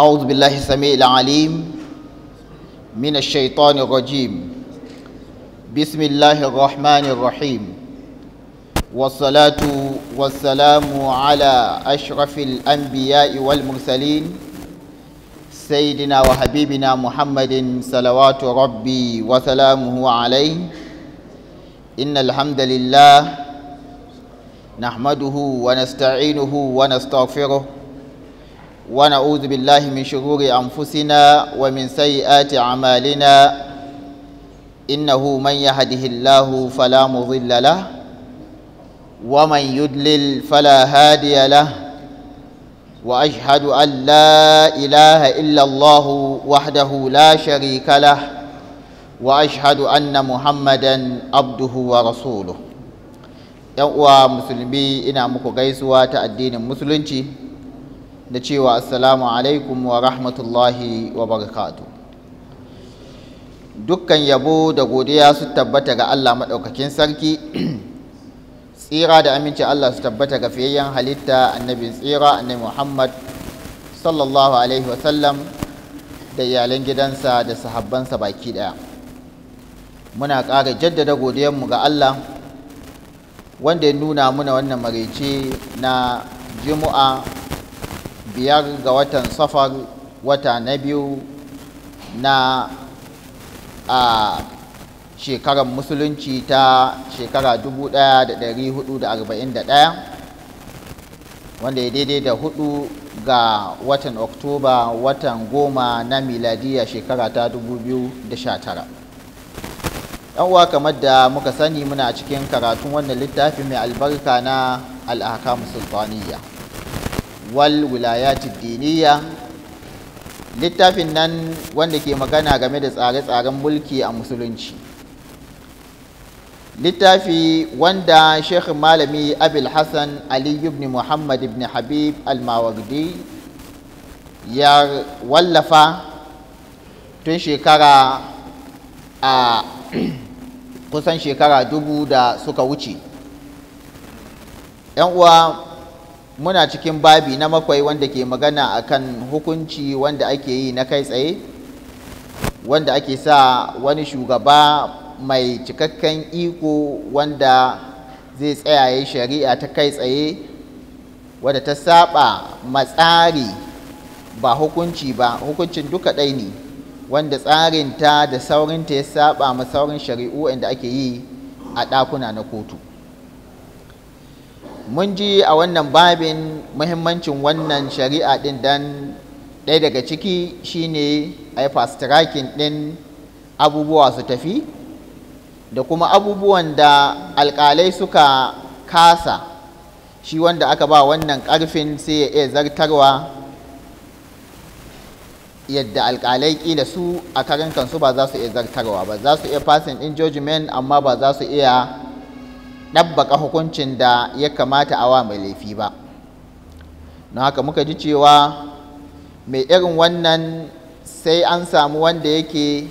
أعوذ بالله السميع العليم من الشيطان الرجيم بسم الله الرحمن الرحيم والصلاة والسلام على أشرف الأنبياء والمرسلين سيدنا وحبيبنا محمد صلوات ربي وسلامه عليه إن الحمد لله نحمده ونستعينه ونستغفره ونعوذ بالله من شرور أنفسنا ومن سيئات أعمالنا إنه من يهده الله فلا مضل له ومن يدلل فلا هادي له وأشهد أن لا إله إلا الله وحده لا شريك له وأشهد أن محمدا عبده ورسوله ‘yan uwa musulmi ina muku gaisuwa ta addinin musulunci da cewa assalamu alaikum wa rahmatullahi wa barakatu dukkan yabo da godiya su tabbata ga Allah maɗaukakin sarki tsira da aminci Allah su tabbata ga fiyayyen halitta annabin tsira annabi Muhammad sallallahu alaihi wasallam da iyalan gidansa da sahabbansa baki ɗaya muna ƙara jaddada godiyanmu ga Allah wanda ya nuna muna wannan marece na juma'a biyar ga watan safar wata na biyu na a shekarar musulunci ta shekara 1441 wanda ya daidai da hudu ga watan oktoba watan goma na miladiya shekara ta 2019 uwa kamar da muka sani muna cikin karatun wannan littafi mai albarka na al'akamu sultaniya wal wilayati diniya littafin nan wanda ke magana game da tsare-tsaren mulki a musulunci littafi wanda sheikh malami abil hassan ali ibn muhammad ibn habib al mawardi ya wallafa tun shekara a kusan shekara dubu da suka wuce 'yan uwa muna cikin babi na makwai wanda ke magana a kan hukunci wanda ake yi na kai tsaye wanda ake sa wani shugaba mai cikakken iko wanda zai tsayaye shari'a ta kai tsaye wadda ta saba matsari ba hukunci ba hukuncin duka ɗai ne wanda tsarinta da saurinta ya saba ma saurin shari'u inda ake yi a ɗakuna na kotu mun ji a wannan babin muhimmancin wannan shari'a din dan ɗaya daga ciki shine a yi fast tracking abubuwa su tafi da kuma abubuwan da alƙalai suka kasa shi wanda aka ba wannan ƙarfin sai ya iya zartarwa yadda alƙalai ƙila su a karin kansu ba za su iya zartarwa ba za su iya fasin in judgment amma ba za su iya ɗabbaka hukuncin da ya kamata a wa mai laifi ba na haka muka ji cewa mai irin wannan sai an samu wanda yake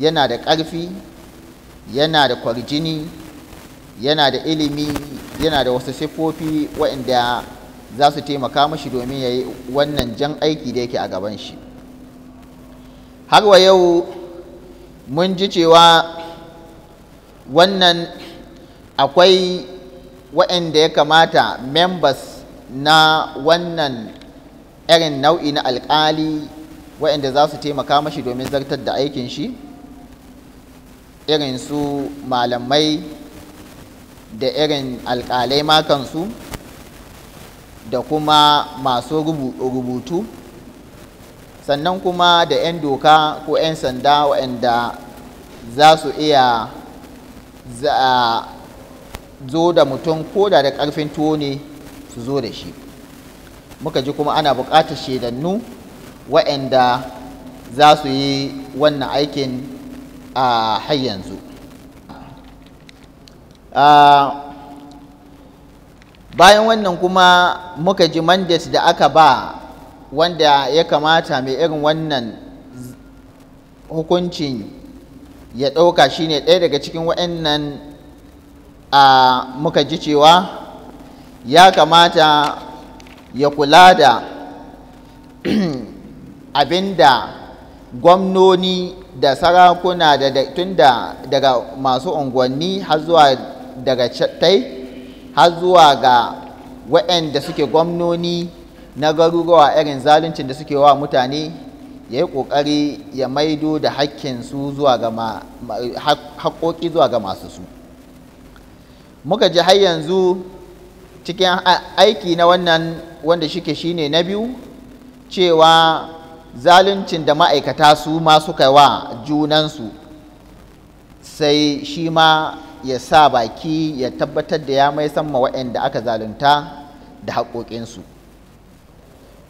yana da ƙarfi yana da kwarjini yana da ilimi yana da wasu siffofi waɗanda za su taimaka mashi domin ya yi wannan jan aiki da yake a gaban shi har wa yau mun ji cewa wannan akwai waɗanda ya kamata members na wannan irin nau'i na alƙali waɗanda za su taimaka mashi domin zartar da aikin shi irin su malamai da irin alƙalai makansu da kuma masu rubutu sannan kuma da 'yan doka ko 'yan sanda waɗanda za su iya za zo da mutum ko da da ƙarfin tuwo ne su zo da shi muka ji kuma ana buƙatar shaidannu waɗanda za su yi wannan aikin a har yanzu bayan wannan kuma muka ji mandat da aka ba wanda ya kamata mai irin wannan hukuncin ya ɗauka shine ɗaya daga cikin waɗannan a muka ji cewa ya kamata ya kula da abinda gwamnoni da sarakuna da tun da daga masu unguwanni har zuwa daga tai har zuwa ga waɗanda suke gwamnoni na garuruwa irin zaluncin da suke wa mutane ya yi ƙoƙari ya maido da hakkinsu zuwa zuwa ga masu su. muka ji har yanzu cikin aiki na wannan wanda shike shine na biyu cewa zaluncin da ma'aikata su ma suka wa junansu sai shi ma ya sa baki ya tabbatar da ya mai samma da aka zalunta da haƙoƙinsu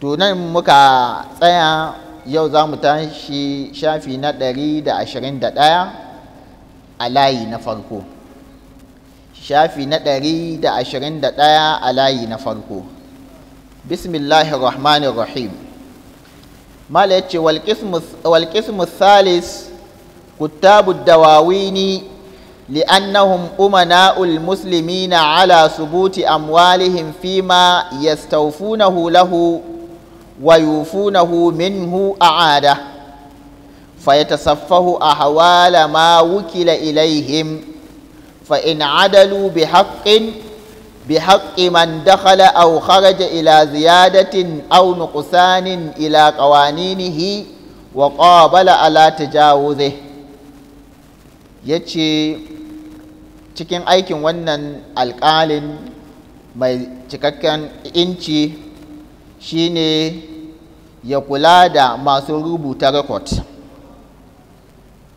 to nan muka tsaya yau za mu tashi shafi na 121 a layi na farko shafi na ɗari da ashirin da ɗaya a layi na farko bismillahir rahmanir rahim mala ya salis kutabu dawawini li'annahum umana'ul muslimina ala subuti Amwalihin, fima yastawfunahu lahu wa yufunahu minhu a'ada fayatasaffahu ahwala ma wukila ilaihim fa in adalu bi haqqin bi man dakhala aw kharaja ila ziyadatin aw nuqsanin ila qawaninihi wa qabala ala tajawuzih yace cikin aikin wannan alqalin mai cikakken inci shine ya kula da masu rubuta record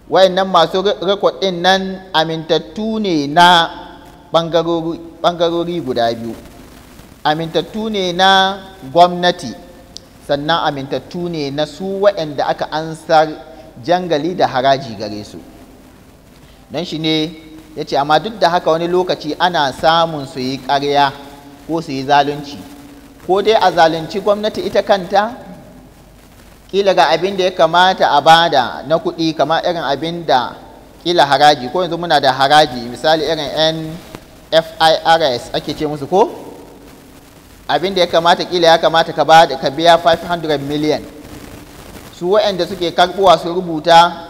wayannan masu rikodin nan amintattu ne na ɓangarori guda biyu amintattu ne na gwamnati sannan amintattu ne na su da aka ansar jangali da haraji gare su don shi ne ya ce amma duk da haka wani lokaci ana samun su yi ƙarya ko su yi zalunci ko dai a zalunci gwamnati ita kanta kila ga abin da ya kamata a bada na kuɗi kama irin abin da kila haraji ko yanzu muna da haraji misali irin nfirs ake ce musu ko abin da ya kamata kila ya kamata ka bada ka biya 500 million su waɗanda suke karbuwa su rubuta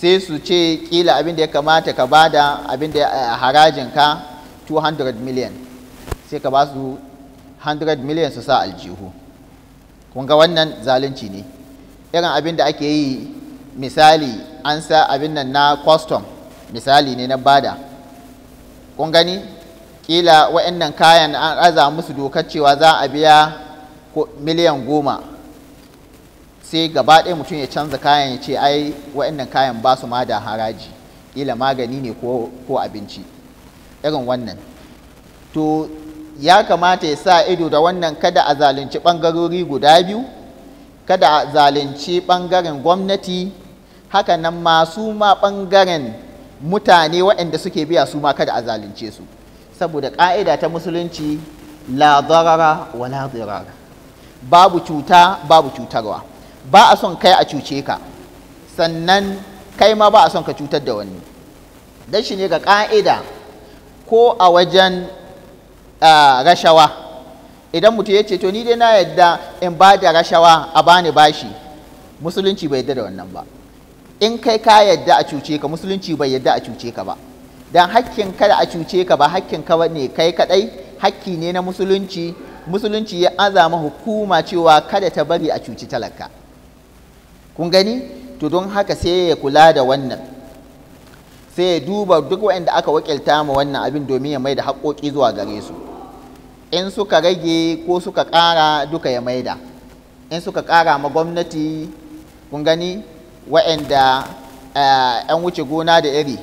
sai su ce kila abin da ya kamata ka bada abin da eh, harajin ka 200 million sai ka ba su 100 million su sa aljihu kun ga wannan zalunci ne irin abin da ake yi misali an sa abin nan na custom misali ne na bada kun gani kila wa'annan kayan an aza musu dokar cewa za a biya miliyan goma sai gaba ɗaya mutum ya canza kayan ya ce ai wa'annan kayan ba su ma da haraji kila magani ne ko abinci irin wannan to ya kamata ya sa ido da wannan kada a zalunci ɓangarori guda biyu kada a zalunci ɓangaren gwamnati hakanan masu ma ɓangaren mutane waɗanda suke biya su ma kada a zalunce su saboda ƙa'ida ta musulunci la darara wa la dirara babu cuta babu cutarwa ba a son kai a cuce ka sannan kai ma ba a son ka cutar da wani dan shi ne ga ƙa'ida ko a wajen ah, rashawa idan mutum ya ce to ni dai na yadda in ba da rashawa a bani bashi musulunci bai yadda da wannan ba in kai ka yadda a cuce ka musulunci bai yadda a cuce ka ba dan hakkin kada a cuce ka ba hakkin ka ne kai kadai hakki ne na musulunci musulunci ya azama hukuma cewa kada ta bari a cuci talaka kun gani to don haka sai ya kula da wannan sai ya duba duk waɗanda aka wakilta ma wannan abin domin ya mai da haƙoƙi zuwa gare su in suka rage ko suka ƙara duka ya maida in suka ƙara ma gwamnati kun gani wa'anda 'yan eh, wuce gona da iri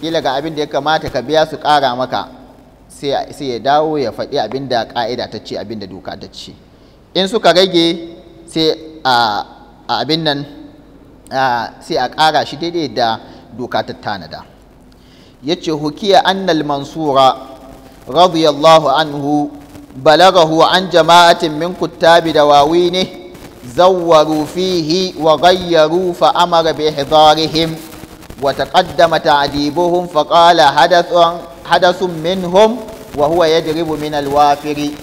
kila ga abin da ya kamata ka biya su ƙara maka sai ya dawo ya faɗi abin da ƙa'ida ta ce abin da doka ta ce in suka rage sai a abin nan sai a ƙara shi daidai da doka ta tanada ya ce hukiya annal mansura radiyallahu anhu balagahu an jama'atin min kuttabi dawawini zawwaru fihi wa ghayyaru fa amara bi ihdarihim wa taqaddama ta'dibuhum fa qala hadathun hadathun minhum wa huwa yadribu min alwafiri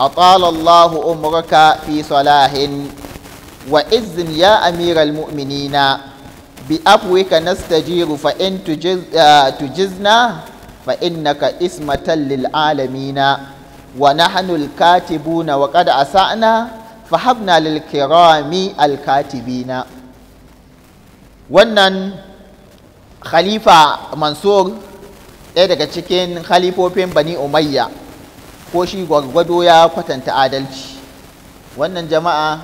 أطال الله أمرك في صلاح وإذ يا أمير المؤمنين بأبوك نستجير فإن تجز تجزنا fa ka ismatan lil alamina wa nahnu katibu na wa asana fa hafna lil kirami al na wannan khalifa mansur ɗaya daga cikin khalifofin bani umayya ko shi gwargwado ya kwatanta adalci wannan jama'a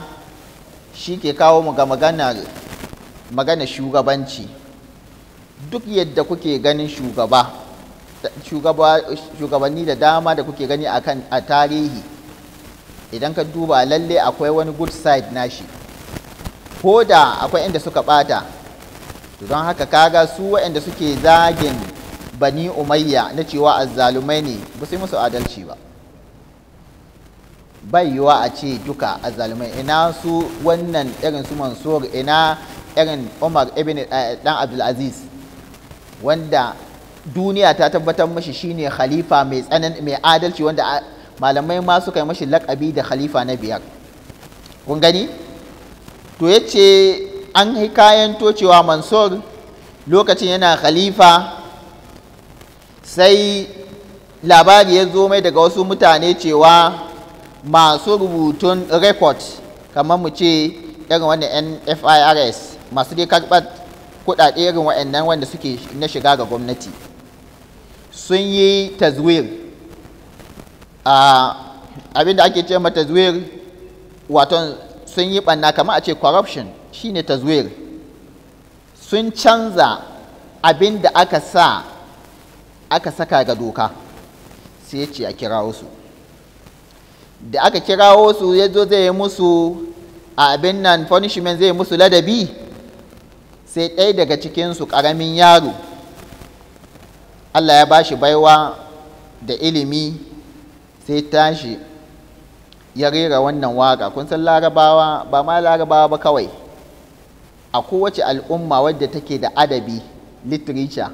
shi ke kawo mu ga maganar magana shugabanci duk yadda kuke ganin shugaba shugabanni da dama da kuke gani akan a tarihi idan ka duba lalle akwai wani good side nashi ko da akwai inda suka bata don haka kaga su waɗanda suke zagin bani umayya na cewa azzalumai ne ba sai musu adalci ba bai yiwa a ce duka azzalumai ina su wannan irin su mansur ina irin umar ibn eh, dan abdulaziz wanda duniya ta tabbatar mashi shine khalifa mai tsanan mai adalci wanda malamai ma suka yi mashi lakabi da khalifa na biyar kun gani to ya ce an hikayen tocewa mansur lokacin yana khalifa sai labari ya zo mai daga wasu mutane cewa masu rubutun rekod kamar mu ce irin wani nfirs masu dai karɓar kuɗaɗe irin waɗannan wanda suke na shiga ga gwamnati sun yi tazwir abinda ake ce ma tazwir waton sun yi ɓanna kamar a ce corruption shine tazwir sun canza abinda aka sa aka saka ga doka sai ce a kirawo su da aka kirawo su ya zo zai yi musu a abin nan punishment zai musu ladabi sai ɗaya daga cikinsu ƙaramin yaro Allah ya ba shi baiwa da ilimi sai tashi ya rera wannan waka kun san larabawa ba ma larabawa ba kawai a kowace al'umma wadda take da adabi literature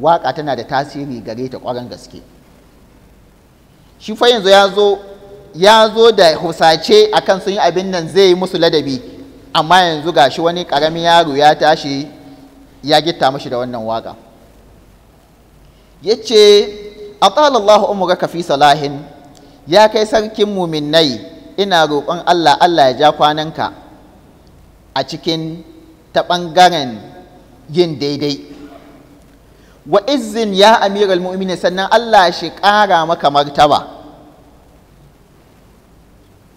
waka tana da tasiri gare ta ƙwarar gaske shi fa yanzu ya zo da husace a kan sun yi abin nan zai yi musu ladabi amma yanzu gashi wani ƙaramin yaro ya tashi ya gitta mashi da wannan waka ya ce a atalallahu umuraka fi salahin ya kai sarkin muminai ina roƙon Allah Allah ya ja kwananka a cikin ta ɓangaren yin daidai wa izin ya amiral mu'minin sannan Allah shi ƙara maka martaba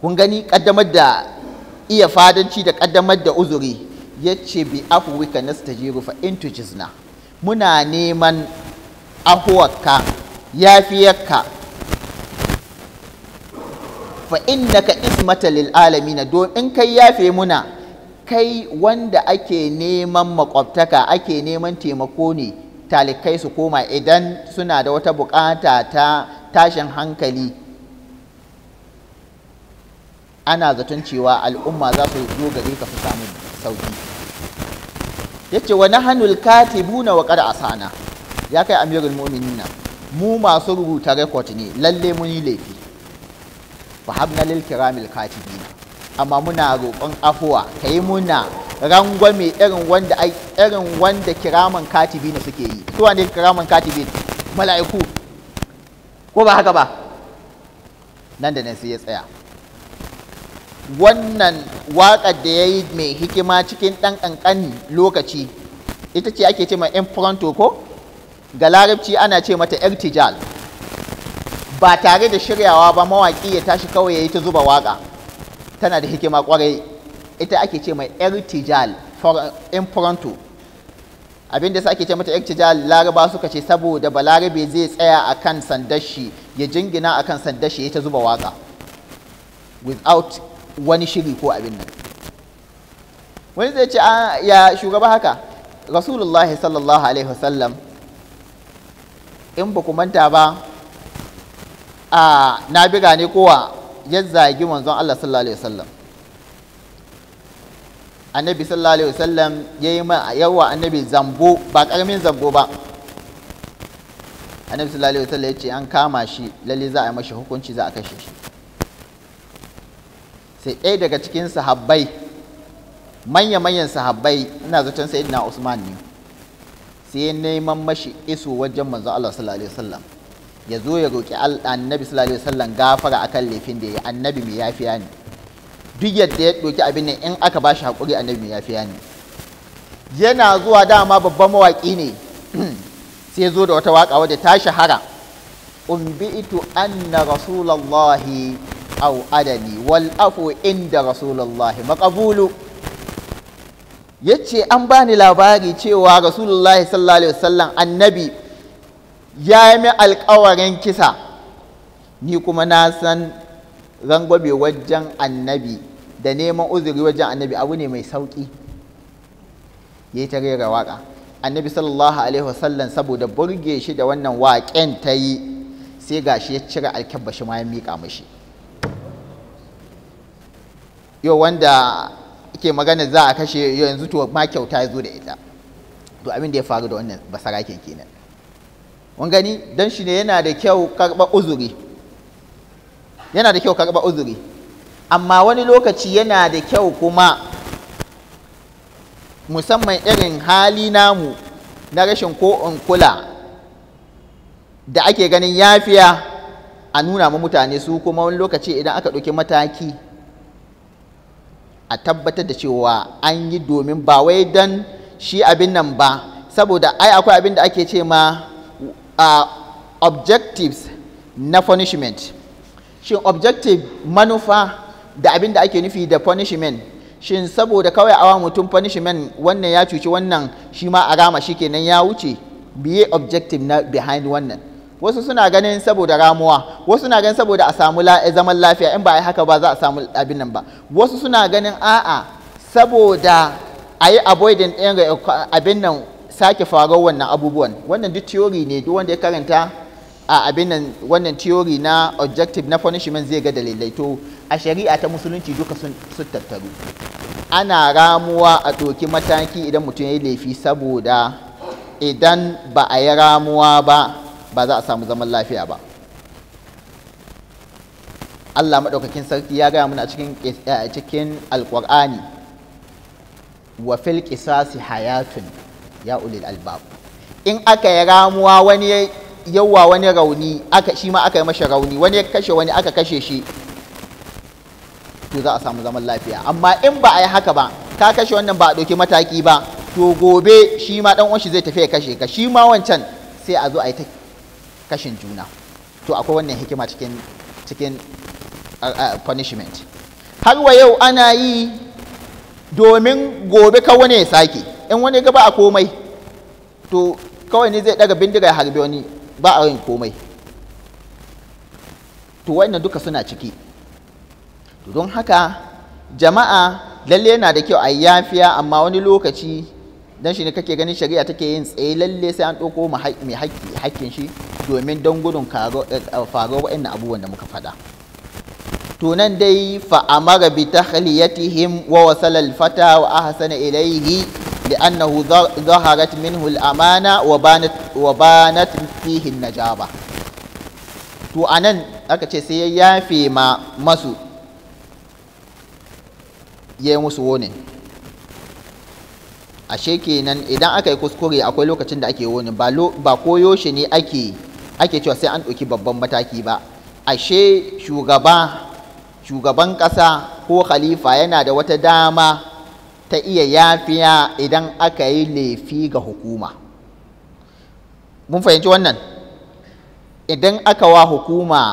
kun gani ƙaddamar da iya fadanci da ƙaddamar da uzuri ya ce bi afuwika nastajiru fa in jizna muna neman ahuwarka yafiyarka fa ka ismata lil alami na. domin kai yafe muna kai wanda ake neman makwabtaka ake neman taimako ne talikai su koma idan suna da wata bukata ta tashin hankali ana zaton cewa al'umma za su zo gare ka su samu sauki yace wani hannul katibu na waƙar a sana ya kai amirul na mu masu rubuta rekod ne lalle mun yi laifi fa habna lil kiramil katibin amma muna roƙon afuwa kai muna rangwame irin wanda ai irin wanda kiraman katibin suke yi su wane kiraman katibin mala'iku ko ba haka ba nan da nan sai ya tsaya wannan waƙar da ya yi mai hikima cikin ɗan ƙanƙani lokaci ita ce ake ce ma in ko ga larabci ana ce mata irtijal ba tare da shiryawa ba mawaƙi ya tashi kawai ya yi ta zuba waƙa tana da hikima ƙwarai ita ake ce mai irtijal in abin da ake ce mata irtijal laraba suka ce saboda balarabe zai tsaya a kan sandashi ya jingina a kan sandashi ya yi ta zuba waƙa without wani shiri ko abin nan wani zai ce ah, ya shugaba haka rasulullahi sallallahu alaihi wasallam in ba ku manta ba a biga ne kowa ya zagi manzon Allah sallallahu alaihi wasallam annabi sallallahu alaihi wasallam ya yi ma yawa annabi zambo ba karamin zambo ba annabi sallallahu alaihi wasallam ya ce an kama shi lalle za a yi mashi hukunci za a kashe shi sai ɗaya daga cikin sahabbai manya-manyan sahabbai ina zaton sayyidina usman ne sai neman mashi iso wajen manzo Allah sallallahu alaihi wasallam ya zo ya roki annabi sallallahu alaihi wasallam gafara akan laifin da ya annabi mai yafiya ne duk yadda ya doki abin nan in aka bashi hakuri annabi mai yafiya ne yana zuwa dama babban mawaki ne sai zo da wata waka wadda ta shahara umbitu anna rasulullahi au adani wal afu inda rasulullahi maqbulu ya ce an bani labari cewa rasulullahi sallallahu alaihi wasallam annabi ya yi alkawarin kisa ni kuma na san zangobe wajen annabi da neman uzuri wajen annabi abu ne mai sauƙi ya yi ta rera waƙa annabi sallallahu alaihi wasallam saboda burge shi da wannan waƙen ta yi sai ga shi ya cire alkyabba shi ma ya miƙa mashi yau wanda ke magana za a kashe yanzu to ma kyauta ya zo da ita to abin da ya faru da wannan ke kenan Wani gani don shi ne yana da kyau karɓa uzuri yana da kyau karɓa uzuri amma wani lokaci yana da kyau kuma musamman irin hali namu na rashin ko kula da ake ganin yafiya a nuna ma mutane su kuma wani lokaci idan aka ɗauki mataki a tabbatar da cewa an yi domin ba wai don shi abin nan ba saboda ai akwai abin da ake ce ma objectives na punishment shin objective manufa da abin da ake nufi da punishment shin saboda kawai awa mutum punishment wannan ya cuci wannan shi ma a rama shi kenan ya wuce biye objective na behind wannan wasu suna ganin saboda ramuwa wasu suna ganin saboda a samu eh, zaman lafiya in ba a yi haka ba za a samu abin nan ba wasu suna ganin a'a saboda a yi avoiding ɗin eh, abin nan sake faruwar wannan abubuwan wannan duk theory ne duk wanda ya karanta a abin nan wannan theory na objective na punishment zai ga dalilai to a shari'a ta musulunci duka sun tattaru ana ramuwa a ɗoki mataki idan mutum ya yi laifi saboda idan ba a yi ramuwa ba ba za a samu zaman lafiya ba Allah maɗaukakin sarki ya gaya mana a cikin cikin alƙur'ani wa fil qisasi hayatun ya ulil albab in aka yi ramuwa wani yawa wani rauni aka shi ma aka yi masa rauni wani ya kashe wani aka kashe shi to za a samu zaman lafiya amma in ba a yi haka ba ka kashe wannan ba a ɗauki mataki ba to gobe shi ma ɗan shi zai tafi ya kashe ka shi ma wancan sai a zo a yi ta kashin juna to akwai wannan hikima cikin cikin punishment har wa yau ana yi domin gobe ka wani ya sake in wani gaba a komai to kawai ne zai daga bindiga ya harbe wani ba a yin komai to wannan duka suna ciki to don haka jama'a lalle yana da kyau a yafiya amma wani lokaci dan shi ne kake ganin shari'a take yin tsaye lalle sai an ɗauko mai haƙƙin shi domin don gudun eh, eh, faruwar waɗannan abubuwan da muka faɗa tunan dai fa'amara bi tahliyatihim wa wasala fata wa ahsana da li'annahu zaharat min hul amana wa banat wa najaba to anan aka ce sai ya yafe ma masu ya yi musu wonin ashe kenan idan aka yi kuskure akwai lokacin da ake wonin ba koyo shi ne ake ake cewa sai an ɗauki babban mataki ba ashe shugaba shugaban ƙasa ko khalifa yana da wata dama ta iya yafiya idan aka yi laifi ga hukuma mun fahimci wannan idan aka wa hukuma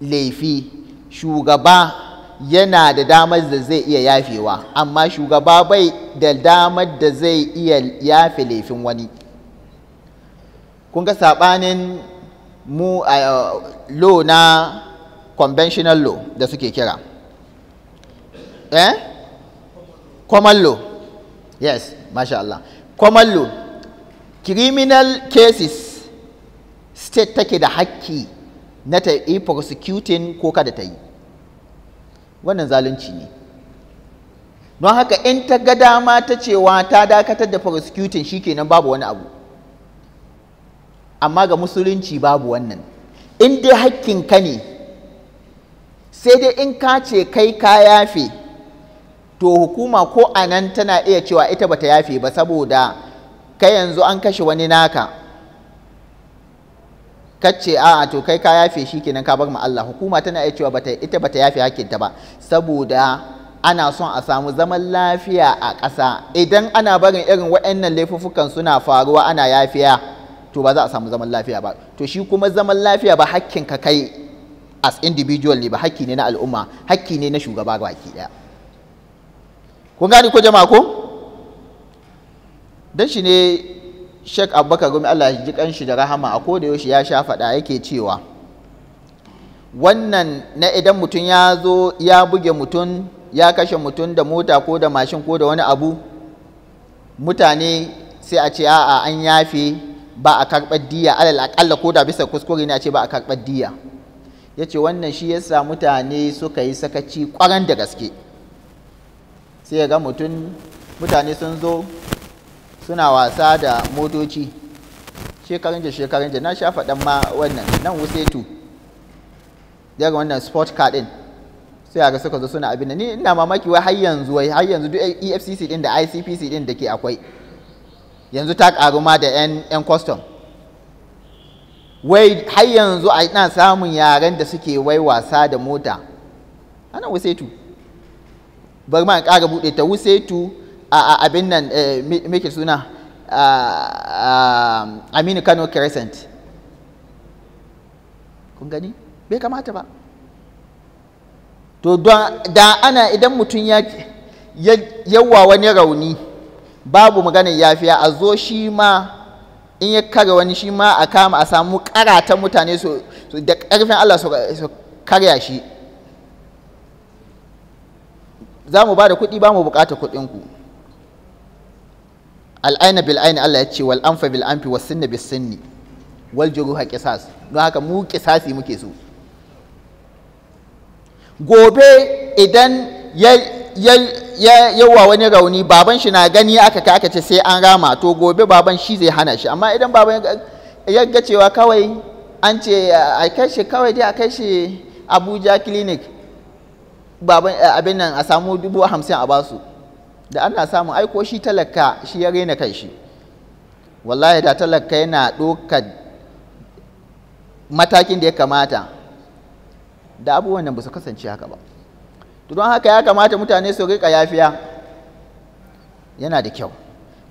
laifi shugaba yana da damar da zai iya yafewa amma shugaba bai da damar da zai iya yafe laifin wani kun ga sabanin mu law na conventional law da suke kira eh common law yes masha Allah common law criminal cases state take da haƙƙi na ta yi prosecuting ko kada ta yi wannan zalunci ne don haka in ta ga dama ta cewa ta dakatar da prosecuting kenan babu wani abu amma ga musulunci babu wannan in dai hakkin ka ne sai dai in ka ce kai ka yafe to hukuma ko anan tana iya cewa ita bata yafe ba saboda kai yanzu an kashe wani naka kace a to kai ka yafe shi kenan ka bar ma Allah hukuma tana iya cewa bata ita bata yafe hakkinta ba saboda ana son a samu zaman lafiya a ƙasa idan ana barin irin waɗannan laifuffukan suna faruwa ana yafiya to ba za a samu zaman lafiya ba to shi kuma zaman lafiya ba hakkin ka kai as individual ne ba hakki ne na al'umma hakki ne na shugaba baki daya kun gane ko jama'a ko dan shi ne Sheikh Abubakar Gumi Allah ya ji kanshi da rahama a koda yaushe ya sha faɗa yake cewa wannan na idan mutum ya zo ya buge mutum ya kashe mutum da mota ko da mashin ko da wani abu mutane sai a ce a'a an yafe ba a karɓar diya alal akalla ko da bisa kuskure ne a ce ba a karɓar diya ya ce wannan shi yasa mutane suka yi sakaci kwaran da gaske sai ya ga mutum mutane sun zo suna wasa da motoci shekarun da shekarun da na sha faɗan ma wannan nan wusetu daga wannan sport car ɗin sai ga suka zo suna abin da ni ina mamaki wai har yanzu wai har yanzu duk efcc ɗin da icpc ɗin da ke akwai yanzu ta karu ma da 'yan kwastam wai har yanzu a ina samun yaren da suke wai wasa da mota ana wusetu bari ma kara bude ta wusetu a abin nan eh, make suna aminu kano crescent kun gani bai kamata ba to da ana idan mutum ya yawa wani rauni babu maganar yafiya a zo shi ma in ya kare wani shi ma a kama a samu karata mutane su da ƙarfin Allah su karya shi za mu ba da kuɗi ba mu buƙata kuɗinku al'aina bil aini Allah ya ce wal amfa bil amfi was sinna bis sinni wal juruha qisas don haka mu qisasi muke so gobe idan ya ya yawa wani rauni baban shi na gani aka ka aka ce sai an rama to gobe baban shi zai hana shi amma idan baban ya ga cewa kawai an ce a kai shi kawai dai a kai shi abuja clinic baban eh, abin nan a samu dubu hamsin a basu da ana samun aiko shi talaka shi ya rena kai shi wallahi da talaka yana ɗaukar matakin da ya kamata da abubuwan nan ba su kasance haka ba don haka ya kamata mutane su rika yafiya yana da kyau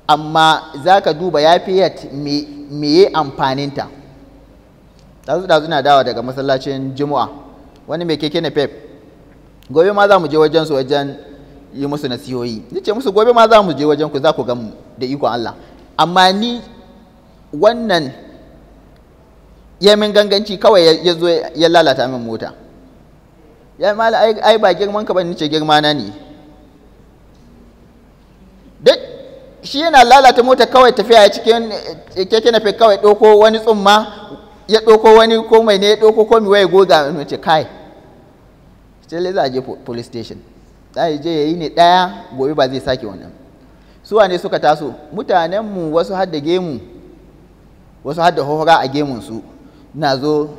amma za ka duba yafiyat meye amfaninta ɗazu ɗazu na dawa daga masallacin juma'a wani mai keke na pep gobe ma za mu je wajen su wajen yi musu siyoyi. ni ce musu gobe ma za mu je wajen ku za ku gan da ikon Allah amma ni wannan yamin ganganci kawai ya zo ya lalata min mota ya mala ai ba girman ka bane ce girma na ne duk shi yana lalata mota kawai tafiya cikin eh, keke nafe kawai doko wani tsumma ya doko wani ko mai ne ya doko ko mai waye goga mai ce kai sai za a je police station za je yayi yi ne daya gobe ba zai sake wannan suwa ne suka taso mutanenmu wasu hadda gemu wasu hadda hohora a gemunsu na zo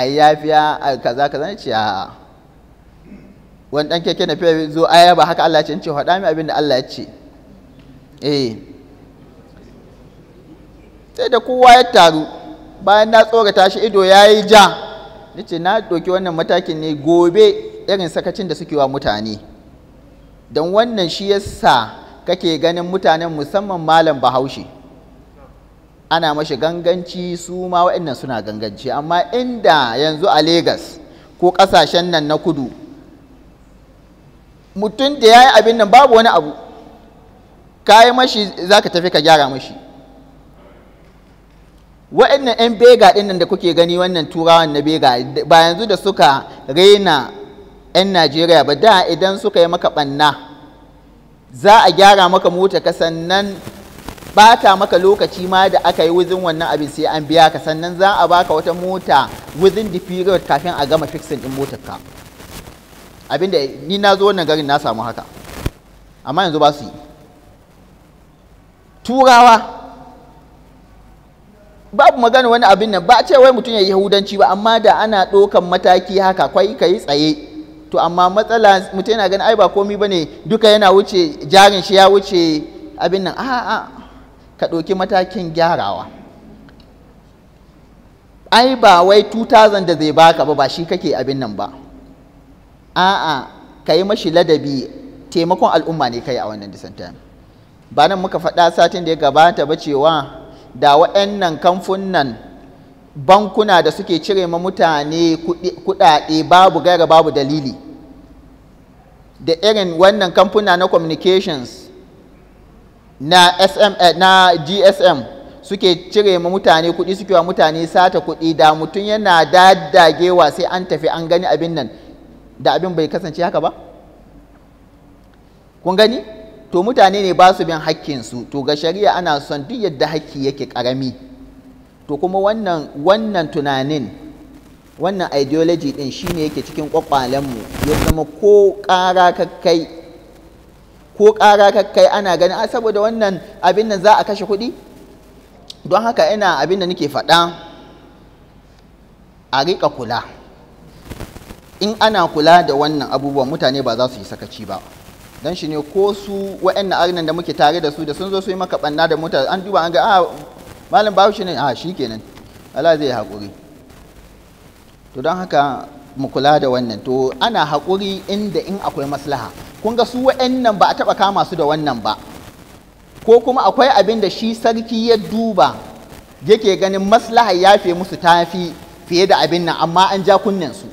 a yafiya a kaza kaza ne ce a wani dan keke na fiye zo aya ba haka Allah ya ce ce faɗa mai abin da Allah ya ce eh sai da kowa ya taru bayan na tsorata shi ido ya yi ja ni ce na ɗauki wannan matakin ne gobe irin sakacin da suke wa mutane don wannan shi yasa kake ganin mutanen musamman malam bahaushe ana mashi ganganci su ma waɗannan suna ganganci amma inda yanzu a Legas ko ƙasashen nan na kudu mutum da ya yi abin nan babu wani abu ka yi mashi za ka tafi ka gyara mashi waɗannan 'yan bega ɗin nan da kuke gani wannan turawan na bega ba yanzu da suka rena 'yan najeriya ba da idan suka yi maka ɓanna za a gyara maka mota ka sannan bata maka lokaci ma da aka yi wuzin wannan abin sai an biya ka sannan za a baka wata mota within the period kafin a gama fixing din motar ka abinda ni na zo wannan garin na samu haka amma yanzu ba su yi turawa babu magana wani abin nan ba ce wai mutum ya yi hudanci ba amma da ana ɗaukan mataki haka kwai ka tsaye to amma matsala mutum yana ganin ai ba komi ba ne duka yana wuce jarin shi ya wuce abin nan a'a ka ɗauki matakin gyarawa ai ba wai 2000 da zai baka ba ba shi kake abin nan ba a'a ka yi mashi ladabi taimakon al'umma ne kai a wannan disan time ba nan muka faɗa satin da ya gabata ba cewa da waɗannan kamfunan bankuna da suke cire ma mutane kuɗaɗe babu gaira babu dalili da irin wannan kamfuna na communications na SM eh, na GSM suke cire ma mutane kuɗi suke wa mutane sata kuɗi da mutum yana daddagewa sai an tafi an gani abin nan da abin bai kasance haka ba kun gani to mutane ne ba su bin su to ga shari'a ana son duk yadda hakki yake karami to kuma wannan wannan tunanin wannan ideology din shine yake cikin kwakwalenmu ya zama ko ƙara ka kai ko ƙara kakkai ana ganin a saboda wannan abin nan za a kashe kuɗi don haka ina abin da nake faɗa a riƙa kula in ana kula da wannan abubuwan mutane ba za su yi sakaci ba don shi ne ko su wa'annan arnan da muke tare da su da sun zo su yi maka ɓanna da mutane an duba an ga a ah, malam bahaushe ne a ah, shi kenan Allah zai haƙuri to don haka mu kula da wannan to ana haƙuri inda in akwai maslaha kun ga su wa'annan ba a taɓa kama su da wannan ba ko kuma akwai abin da shi sarki ya duba yake ganin maslaha ya fi musu tafi fiye da abin nan amma an ja kunnen su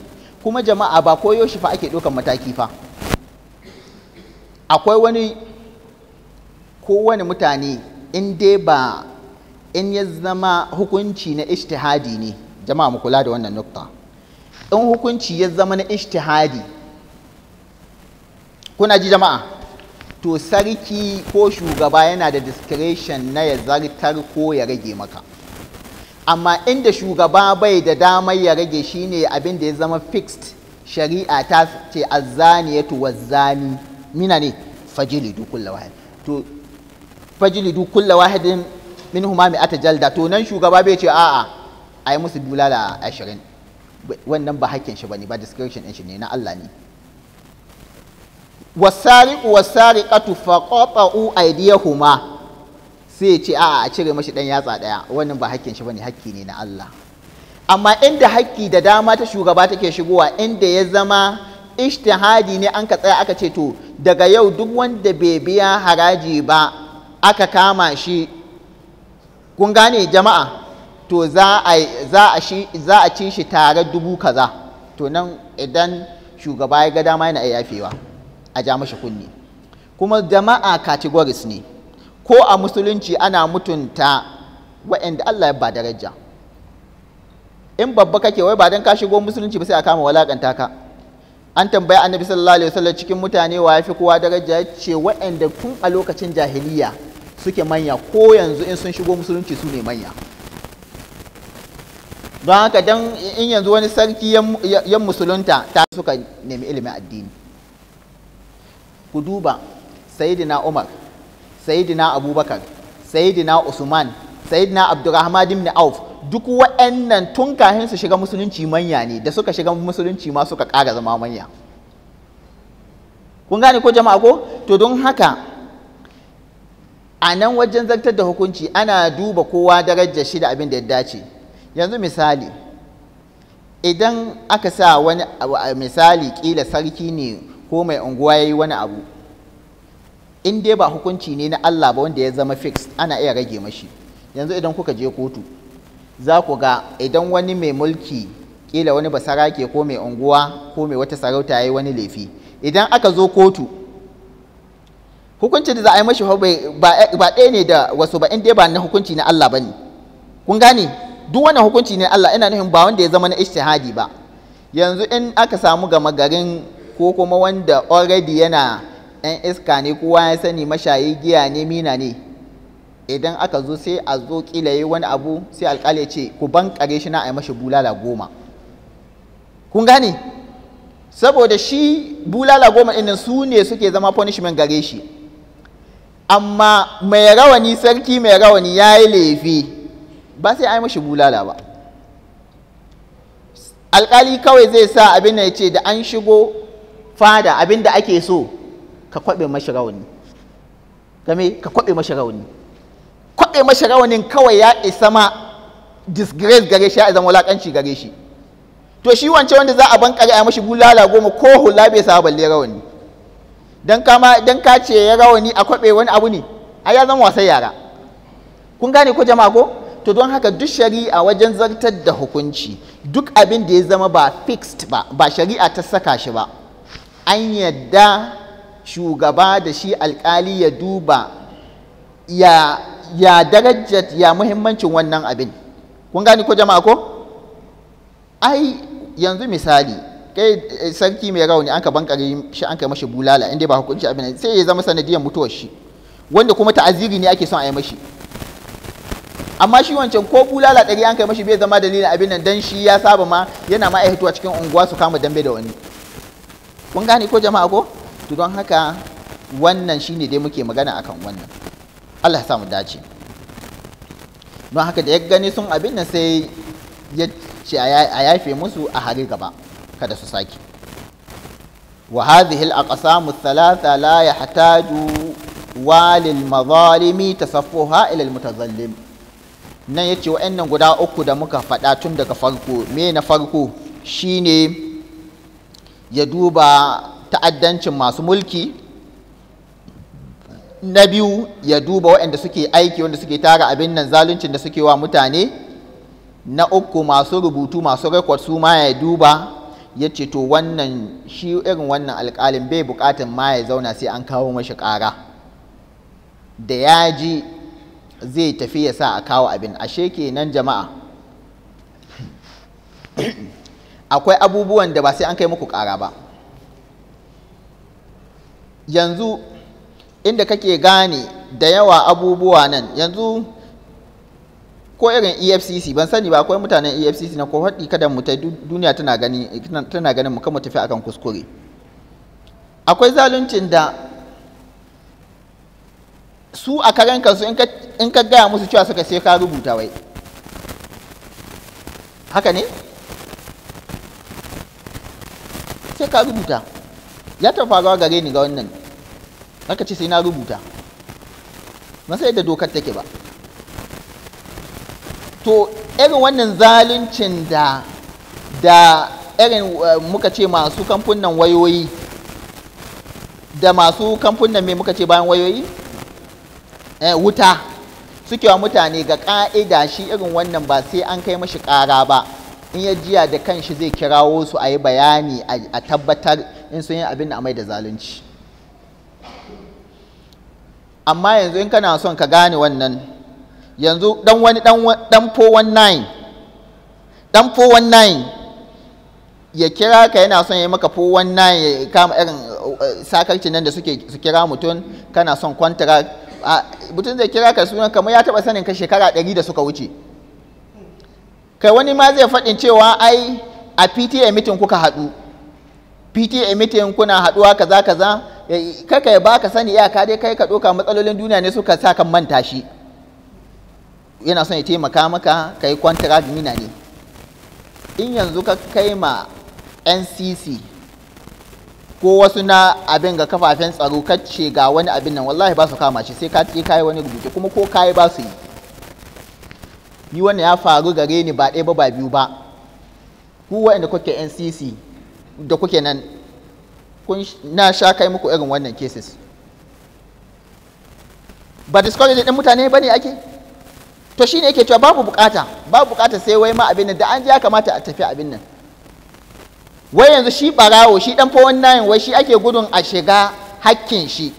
kuma jama'a ba koyo shi fa ake ɗaukan mataki fa akwai wani kowane mutane in dai ba in ya zama hukunci na ishtihadi ne jama'a mu kula da wannan nukta Ɗan hukunci ya zama na ishtihadi kuna ji jama'a to sarki ko shugaba yana da discretion na ya zartar ko ya rage maka amma inda shugaba bai da damar ya rage shine abin da ya zama fixed shari'a ta ce azzaniyatu wazzani mina ne fajili dukulla wahid to fajili dukulla wahidin min huma ata jalda to nan shugaba bai ce a'a a yi musu bulala ashirin wannan ba hakkin shi bane ba description din shi ne na Allah ne wasariqu wasariqatu faqata'u aydiyahuma sai ya ce a'a a cire mashi dan yatsa daya wannan ba hakkin shi bane hakki ne na Allah amma inda hakki da dama ta shugaba take shigowa inda ya zama ishtihadi ne an ka tsaya aka ce to daga yau duk wanda bai biya haraji ba aka kama shi kun gane jama'a to za a ci shi tare dubu kaza to nan idan shugaba ya ga dama yana yafewa a ja mashi kunni kuma jama'a categories ne ko a musulunci ana mutunta waɗanda Allah ya ba daraja in babba kake wai ba dan ka shigo musulunci ba sai a kama walakanta ka an tambaya annabi sallallahu alaihi wasallam cikin mutane wa yafi kowa daraja ce waɗanda tun a lokacin jahiliya suke manya ko yanzu in sun shigo musulunci su ne manya don haka dan in yanzu wani sarki yan musulunta ta suka nemi ilimin addini ku duba sayidina umar sayidina abubakar sayidina usman sayidina abdurrahman ibn auf duk waɗannan tun kafin su shiga musulunci manya ne da suka shiga musulunci ma suka ƙara zama manya kun gane ko jama'a ko to don haka a nan wajen zartar da hukunci ana duba kowa darajar shi da abin da ya dace yanzu misali idan aka sa wani misali kila sarki ne ko mai unguwa ya yi wani abu in dai ba hukunci ne na Allah ba wanda ya zama fixed ana iya rage mashi yanzu idan kuka je kotu za ku ga idan wani mai mulki kila wani basarake ko mai unguwa ko mai wata sarauta ya yi wani laifi idan aka zo kotu hukuncin da za a yi mashi ba ɗaya ne da wasu ba in dai ba na hukunci na Allah ba ne kun gane duk wani hukunci ne Allah ina nufin ba wanda ya zama na ishtihadi ba yanzu in aka samu gama garin ko kuma wanda already yana ɗan iska ne kowa ya sani mashayi giya ne mina ne idan aka zo sai a zo kila yi wani abu sai alƙali ce ku ban kare shi na a yi mashi bulala goma kun gane saboda shi bulala goma ɗin su ne suke zama punishment gare shi amma mai rawani sarki mai rawani ya yi laifi ba sai ai mashi bulala ba alkali kawai zai sa abin da ya ce da an shigo fada abin da ake so ka kwaɓe mashi rauni game ka kwaɓe mashi rauni kwaɓe mashi raunin kawai ya isa ma disgrace gare shi ya zama wulaƙanci gare shi to shi wance wanda za a ban kare a mashi bulala goma ko hula bai sa balle rawani dan kama dan ka ya rawani a kwaɓe wani abu ne a ya zama wasan yara kun gane ko jama'a ko to don haka duk shari'a wajen zartar da hukunci duk abin da ya zama ba fixed ba ba shari'a ta saka shi ba an yadda shugaba da shi alkali ya duba ya ya darajat ya muhimmancin wannan abin kun gani ko jama'a ko ai yanzu misali kai eh, sarki mai rauni an ka bankare shi an kai mashi bulala inda ba hukunci abin sai ya zama sanadiyar mutuwar shi wanda kuma ta'aziri ne ake son a yi mashi amma shi wancan ko bulala ɗari an kai mashi bai zama dalilin abin nan dan shi ya saba ma yana ma a cikin unguwa su kama dambe da wani kun gane ko jama'a ko to don haka wannan shine dai muke magana akan wannan Allah ya samu dace don haka da ya gani sun abin nan sai ya ce a yafe musu a hari gaba kada su sake wa hadhihi al mu thalatha la yahtaju walil mazalimi tasaffuha ila al-mutazallim nan ya ce wa'annan guda uku da muka faɗa tun daga farko me na farko shine ya duba ta'addancin masu mulki na biyu ya duba waɗanda suke aiki wanda suke tara abin nan zaluncin da suke wa mutane na uku masu rubutu masu rekod su ma ya duba ya ce to wannan shi irin wannan alƙalin bai buƙatar ma ya zauna sai an kawo mashi ƙara da ya ji zai tafi ya sa a kawo abin ashe kenan jama'a akwai abubuwan da ba sai an kai muku ƙara ba yanzu inda kake gane da yawa abubuwa nan yanzu ko irin efcc ban sani ba akwai mutanen efcc na ko haɗi kada mu ta duniya tana ganin mu kama tafi akan kuskure akwai zaluncin da su a karen kansu in ka gaya musu cewa suka sai ka rubuta wai haka ne sai ka rubuta ya ta faruwa gare ni ga wannan haka ce sai na rubuta masa yadda dokar take ba to irin wannan zaluncin da da irin eh, muka ce masu kamfunan wayoyi da masu kamfunan me muka ce bayan wayoyi Eh, wuta suke wa mutane ga ƙa'ida shi irin wannan ba sai an kai mashi ƙara ba in ya jiya da kan shi zai kirawo su a yi bayani a tabbatar in sun yi abin da amai da zalunci amma yanzu in kana son ka gane wannan yanzu dan wani dan nine dan 419 ya kira ka yana son ya yi maka nine ya kama irin eh, sakarci nan da suke su kira mutum kana son contract mutum zai kira ka sunan kamar ya taba sanin ka shekara ɗari da suka wuce kai wani ma zai faɗin cewa ai a pta mitin kuka haɗu pta mitin kuna haɗuwa kaza kaza eh, kaka ya baka sani iyaka dai kai ka ɗauka matsalolin duniya ne suka sa kan manta shi yana son ya taimaka maka ka yi kwantara mina ne in yanzu ka kai ma ncc ko wasu na abin ga kafafen tsaro kacce ga wani abin nan wallahi ba su kama shi sai ka ce kai wani rubutu kuma ko kai ba su yi ni wannan ya faru gare ni ba ɗaya ba ba biyu ba ku waɗanda kuke NCC da kuke nan kun na sha kai muku irin wannan cases ba discourage din mutane ba ne ake to shine yake cewa babu bukata babu bukata sai wai ma abin nan da an ji ya kamata a tafi abin nan wai yanzu shi barawo shi dan fa wannan wai shi ake gudun a shiga hakkin shi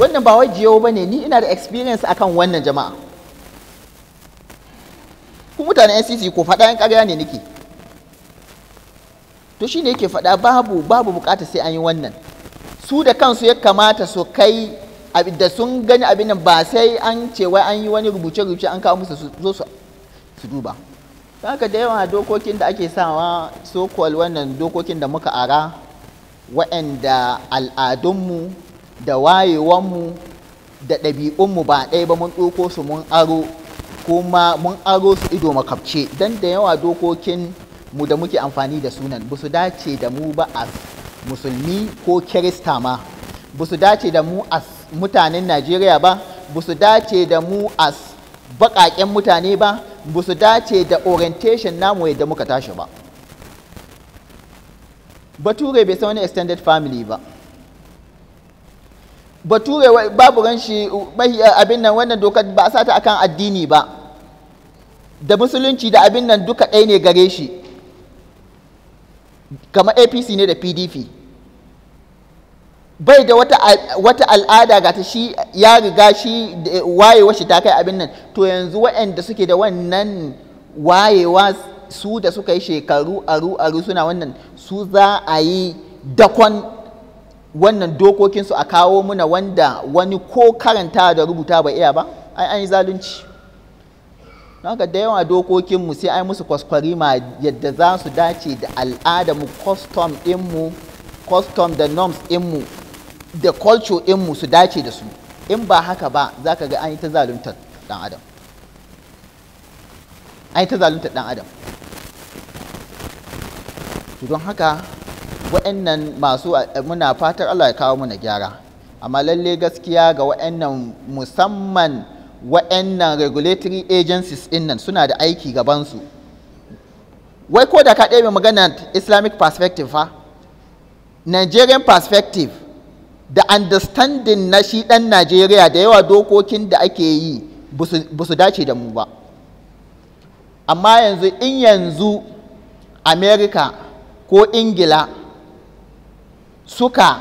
wannan ba wai jiyo bane ni ina da experience akan wannan jama'a ku mutanen NCC ko faɗa yan ƙarya ne nake to shi ne yake faɗa babu babu bukata sai an yi wannan su da kansu ya kamata su kai da sun gani abin nan ba sai an ce wai an yi wani rubuce-rubuce an kawo musu zo su duba haka da yawa dokokin da ake sawa sokol wannan dokokin da muka ara wa'anda al'adunmu da wayewanmu da ɗabi'unmu ba ɗaya ba mun ɗoko su mun aro kuma mun aro su ido makabce don da yawa dokokin mu da muke amfani da sunan ba su dace da mu ba a musulmi ko kirista ma ba su dace da mu a mutanen najeriya ba ba su dace da mu a baƙaƙen mutane ba ba su dace da orientation namu yadda muka tashi ba bature bai san wani extended family ba bature babu ran shi abin nan wannan dokar ba a sata akan addini ba da musulunci da abin nan duka ɗaya ne gare shi kamar apc ne da pdp bai da wata, al'ada ga ta shi ya riga shi wayewa shi ta kai abin nan to yanzu waɗanda suke da wannan wayewa su da suka yi shekaru aru aru suna wannan su za a yi dakon wannan dokokinsu a kawo muna wanda wani ko karanta da rubuta ba iya ba ai an yi zalunci haka da yawa dokokinmu sai ai musu kwaskwari ma yadda za su dace da al'adarmu custom inmu custom da norms inmu. da culture ɗinmu su dace da su in ba haka ba za ka ga an yi ta zaluntar ɗan adam an yi ta zaluntar ɗan adam don haka wa'annan masu muna fatar Allah ya kawo muna gyara amma lalle gaskiya ga wa'annan musamman wa'annan regulatory agencies in nan suna da aiki gabansu wai ko da ka ɗaya mai maganar islamic perspective fa nigerian perspective da understanding na shi ɗan najeriya da yawa dokokin da ake yi ba su dace da mu ba amma yanzu in yanzu america ko ingila suka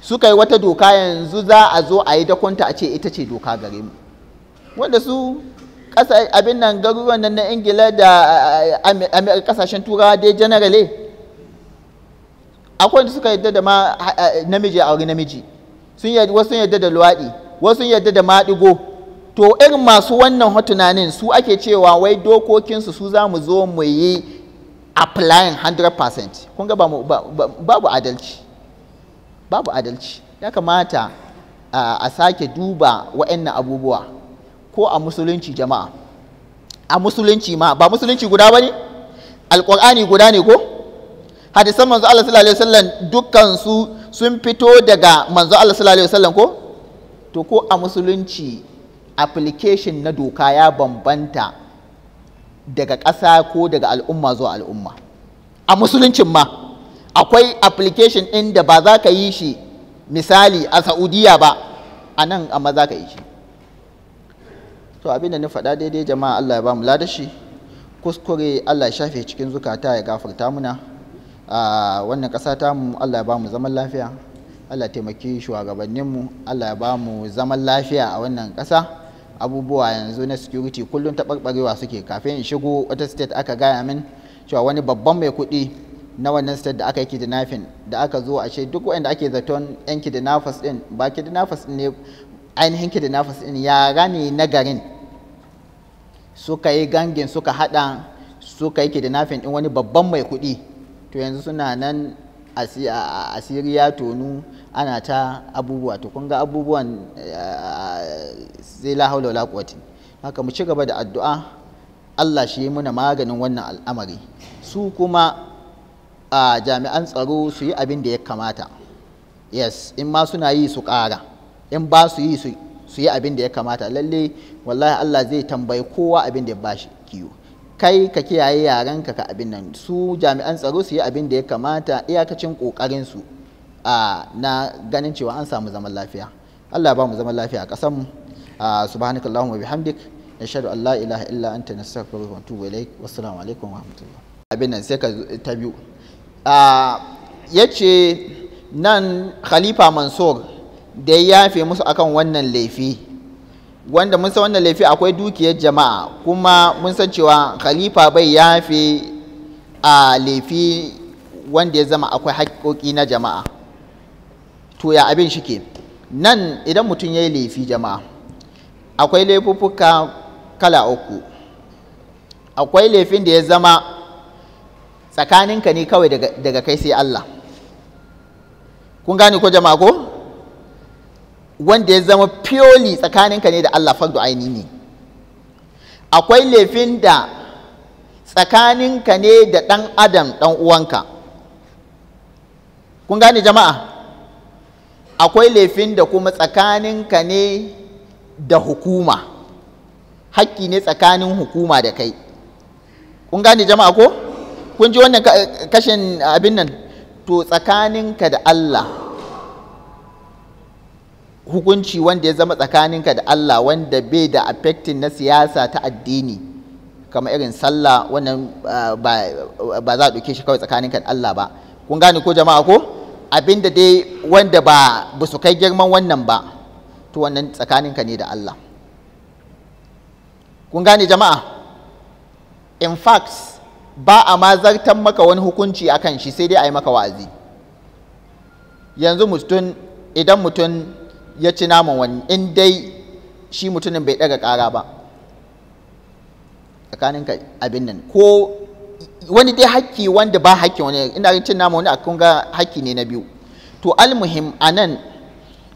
suka yi wata doka yanzu za a zo a yi dakonta a ce ita ce doka gare mu wanda su abin nan garuruwan nan na ingila da kasashen turawa dai generally akwai wanda suka yadda da ma namiji a wuri namiji sun yadda wasu yadda da luwaɗi wasu sun yadda da maɗigo to irin masu wannan hotunanin, su ake cewa wai dokokinsu su za mu zo mu yi applying 100% kun ga babu adalci babu adalci ya kamata a sake duba wa'annan abubuwa ko a musulunci jama'a a musulunci ma ba musulunci guda ba ne alƙur'ani guda ne ko hadisan manzo Allah sallallahu alaihi wasallam dukkan su sun fito daga manzo Allah sallallahu alaihi wasallam ko to ko a musulunci application na doka ya bambanta daga ƙasa ko daga al'umma zuwa al'umma a musuluncin ma akwai application ɗin da ba za ka yi shi misali a saudiya ba a nan amma za ka yi shi to abin da ni faɗa daidai jama'a allah ya ba mu ladashi kuskure allah ya shafe cikin zukata ya gafarta muna a wannan ƙasa ta mu Allah ya ba mu zaman lafiya Allah taimaki shugabanninmu mu Allah ya ba mu zaman lafiya a wannan ƙasa abubuwa yanzu na security kullum taɓarɓarewa suke kafin in shigo wata state aka gaya min cewa wani babban mai kuɗi na wannan state da aka yi kidnapping da aka zo a ce duk waɗanda ake zaton yan kidnappers din ba kidnappers ne ainihin kidnappers din yara ne na garin suka yi gangin suka hada suka yi kidnapping din wani babban mai kuɗi to yanzu suna nan a siriya tonu ana ta abubuwa to kun ga abubuwan eh, zai lahaula lakwati haka mu ci gaba da addu'a Allah shi yi muna maganin wannan al'amari su kuma a jami'an tsaro su yi abin da ya kamata yes in ma suna yi su ƙara in ba su yi su yi abin da ya kamata lalle wallahi Allah zai tambayi kowa abin da ya bashi kiwo kai ka kiyaye yaranka ka abin nan su jami'an tsaro su yi abin da ya kamata iyakacin kokarin su a na ganin cewa an samu zaman lafiya Allah ba mu zaman lafiya a kasan mu subhanakallahumma wa bihamdik nashhadu an la ilaha illa anta nastaghfiruka wa atubu ilaik assalamu alaikum wa rahmatullah abin nan sai ka ta biyu yace nan khalifa mansur da ya yafe musu akan wannan laifi wanda mun san wannan laifi akwai dukiyar jama'a kuma mun san cewa khalifa bai yafe a laifi wanda ya zama akwai haƙƙoƙi na jama'a to ya abin shike nan idan mutum ya yi laifi jama'a akwai laifuffuka kala uku akwai laifin da ya zama tsakaninka ne kawai daga, daga kai sai Allah kun gane ko jama'a ko wanda ya zama purely tsakaninka ne da Allah fardu aini ne akwai laifin da tsakaninka ne da ɗan adam ɗan uwanka kun gane jama'a akwai laifin da kuma tsakaninka ne da hukuma hakki ne tsakanin hukuma da kai kun gane jama'a ko kun ji wannan kashin abin nan to tsakaninka da Allah hukunci wanda ya zama tsakaninka da Allah wanda bai da affecting na siyasa ta addini kama irin sallah wannan ah, ba za a ɗauke shi kawai tsakaninka da Allah ba kun gane ko jama'a ko abinda dai wanda ba su kai girman wannan ba to wannan tsakaninka ne da Allah kun gane jama'a in fact ba a ma zartan maka wani hukunci akan shi sai dai a yi maka wa'azi yanzu mutum idan mutum ya ci naman wani in dai shi mutumin bai daga kara ba tsakanin ka abin nan ko wani dai hakki wanda ba hakki wani ina cin naman wani a kunga hakki ne na biyu to almuhim a nan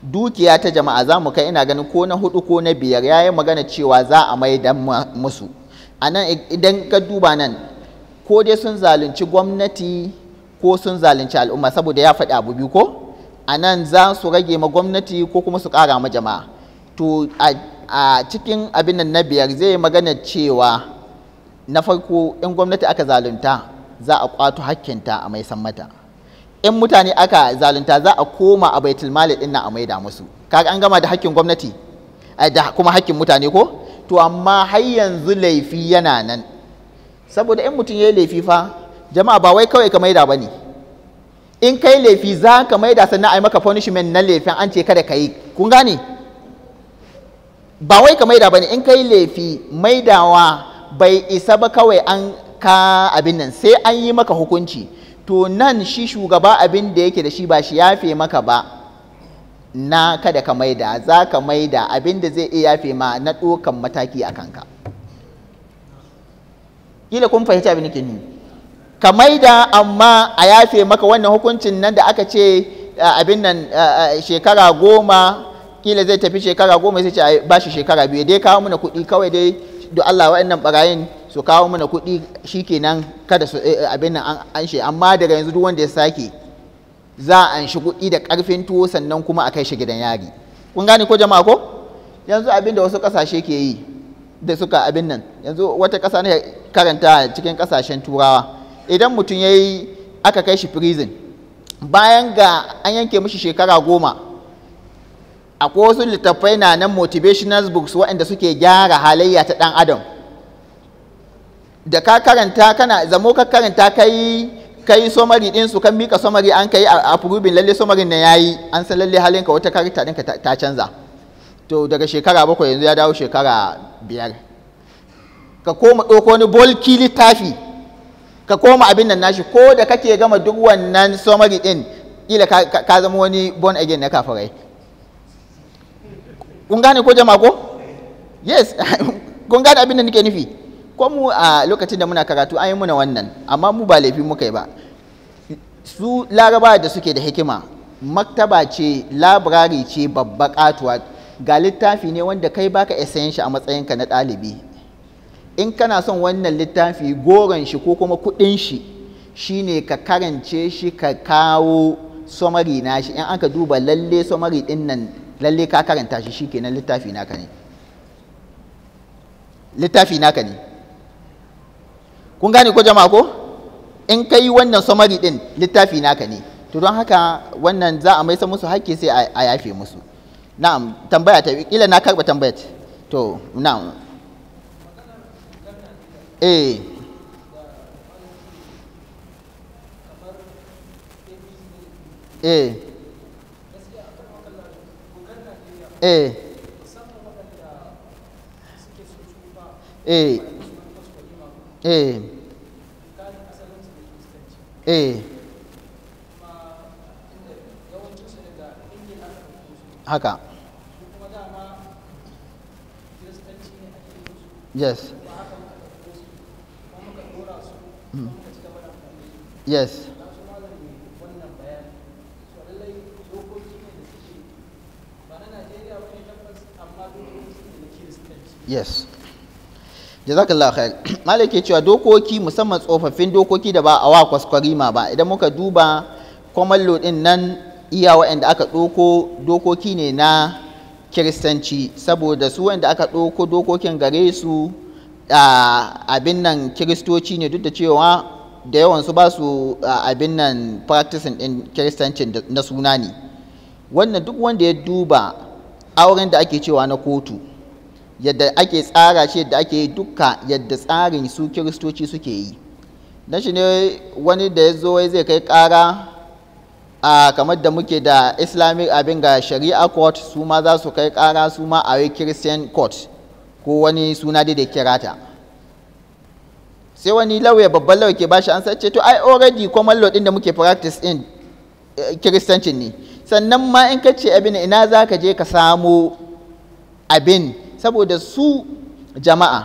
dukiya ta jama'a za mu kai ina ganin ko na hudu ko na biyar ya yi magana cewa za a mai dan musu a nan idan ka duba nan ko dai sun zalunci gwamnati ko sun zalunci al'umma saboda ya faɗi abu biyu ko a nan za su rage ma gwamnati ko kuma su ƙara ma jama'a to a cikin abin nan na biyar zai magana cewa na farko in gwamnati aka zalunta za a kwato hakkinta a mai san mata in mutane aka zalunta za a koma a baitul mali din nan a maida musu kaga an gama da hakkin gwamnati da kuma hakkin mutane ko to amma har yanzu laifi yana nan saboda in mutum ya yi laifi fa jama'a ba wai kawai ka maida bane in kai laifi za ka maida sannan a yi maka punishment na laifin an ce kada ka yi kun gane ba wai ka maida bane in kai laifi maidawa bai isa ba kawai an ka abin nan sai an yi maka hukunci to nan shi shugaba abin da yake da shi ba shi yafe maka ba na kada ka maida za ka da abin da zai iya yafe ma na dokan mataki a kanka kun fahimci abin da ka maida amma a yafe maka wannan hukuncin nan da aka ce abin nan shekara goma kila zai tafi shekara goma sai ce ba shi shekara biyu dai kawo mana kuɗi kawai dai do Allah wa'annan barayin su kawo mana kuɗi shikenan kada su eh, eh, abin nan an shi amma daga yanzu duk wanda ya sake za a anshi kuɗi da ƙarfin tuwo sannan kuma a kai shi gidan yari kun gane ko jama'a ko yanzu abin da wasu ƙasashe ke yi da suka abin nan yanzu wata ƙasa ne karanta cikin ƙasashen turawa idan mutum ya yi aka kai shi prison bayan ga an yanke mishi shekara goma a wasu littattafai na nan motivational books waɗanda suke gyara halayya ta ɗan adam da ka karanta kana zamo ka karanta kai kai somari din kan mika somari an kai a furubin lalle somarin na yayi an san lalle halin ka wata karita ɗinka ta canza to daga shekara bakwai yanzu ya dawo shekara biyar ka koma ɗauko wani bolki littafi ka koma abin nan nashi ko da kake gama duk wannan summary din kila ka zama wani born again na kafirai kun gane ko jama'a ko yes kun gane abin da nake nufi ko mu a lokacin da muna karatu an yi muna wannan amma mu ba laifi muka yi ba su laraba da suke da hikima maktaba ce labirari ce babba katuwa ga littafi ne wanda kai baka iya shi a matsayinka na ɗalibi in kana son wannan littafi goron shi ko kuma kuɗin shi shine ka karance shi ka kawo somari na shi in aka duba lalle somari din nan lalle ka karanta shi shi shikenan littafi naka ne littafi naka ne kun gane ko jama'a ko in ka yi wannan somari din littafi naka ne to don haka wannan za a maisa musu hakki sai a yafe musu na'am tambaya ta kila na karba tambayat to na'am A. A. yes yes jazakallah khair malik cewa dokoki musamman tsofaffin dokoki da ba a wa kwaskwarima ba idan muka duba law din nan iya wa'anda aka doko dokoki ne na kiristanci saboda su wa'anda aka ɗoko dokokin gare su abin nan kiristoci ne duk da cewa da yawan su ba su abin nan practicing din kiristancin na suna ne wannan duk wanda ya duba auren da ake cewa na kotu yadda ake tsara shi yadda ake yi duka yadda tsarin su kiristoci suke yi na shi ne wani da ya zo zai kai kara a kamar da muke da islamic abin ga shari'a court su ma za su kai kara su ma a christian court ko wani suna da kirata sai wani lauya babban lauya ke bashi an sace to ai already common law din da muke practice in eh, kiristancin ne sannan ma in ka ce abin ina za ka je ka samo abin saboda su jama'a